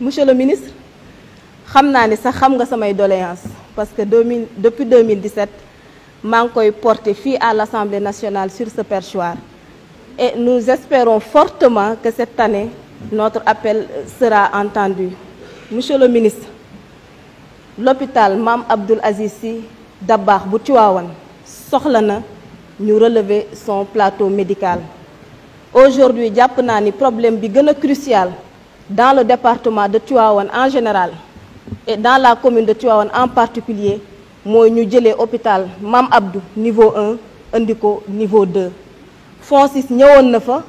monsieur le ministre je sais que vous xam nga doléance parce que depuis 2017 je suis porté à l'Assemblée nationale sur ce perchoir et nous espérons fortement que cette année notre appel sera entendu monsieur le ministre l'hôpital Mam Abdul Azizi Sy Dabakh nous relevait relever son plateau médical aujourd'hui y a un problème crucial dans le département de Tuawan en général et dans la commune de Tuawan en particulier nous ñu un hôpital Mam Abdou niveau 1 et niveau 2 Francis, nous avons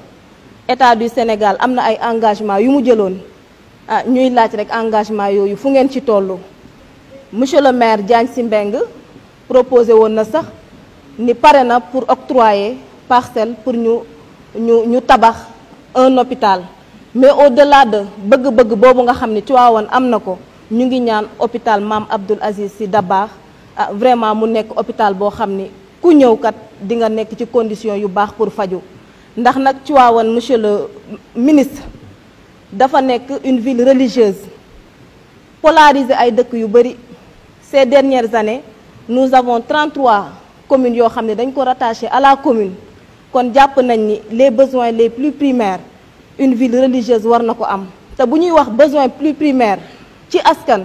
état du Sénégal nous avons un engagement Nous avons un ah ñuy rek engagement monsieur le maire Diane Simbeng Mbengue proposé woon nous sax pour octroyer parcelle pour nous nous ñu un hôpital mais au-delà de bëgg-bëgg boobu nga xam ne Tivaouane am na ko ñu ngi ñaan hôpital Maam Abdoul Aziz Sy baax ah vraiment mu nekk hôpital boo xam ni ku ñëw kat di nga nekk ci condition yu baax pour faju ndax nag Tivaouane monsieur le ministre dafa nekk une ville religieuse polarisée ay dëkk yu bëri ces dernières années nous avons 33 communes yoo xam ne dañ ko rattaché à la commune kon jàpp nañ ni les besoins les plus primaires une ville religieuse war na am te buñuy wax besoin plus primaire ci askan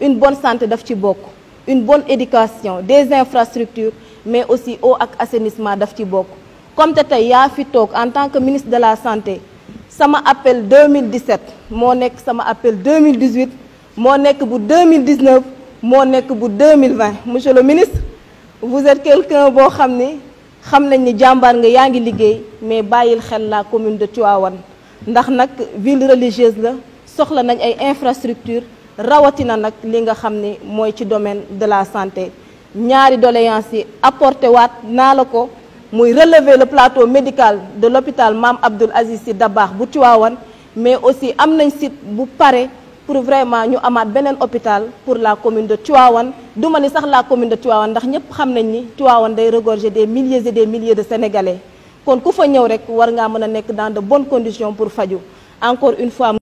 une bonne santé daf ci bok une bonne éducation des infrastructures mais aussi eau ak assainissement daf ci bok comme tu ya en tant que ministre de la santé ça m'appelle 2017 ça m'appelle sama appel 2018 ça m'appelle bu 2019 ça m'appelle bu 2020 monsieur le ministre vous êtes quelqu'un bo xamné xam nañ ni jambar nga yaa ngi liggéey mais bayil xel la commune de Tiawan ndax une ville religieuse la soxla nañ ay infrastructure rawatina nak li nga domaine de la santé ñaari doléance yi apporté wat nalako moy relever le plateau médical de l'hôpital Mam Abdul Aziz Dabar Dabakh mais aussi am nañ site pour vraiment ñu amaat hôpital pour la commune de Tivaouane duma ni sax la commune de Tivaouane ndax ñepp xam ni regorger des milliers et des milliers de Sénégalais kon nous sommes rek war nga mëna dans de bonnes conditions pour faju encore une fois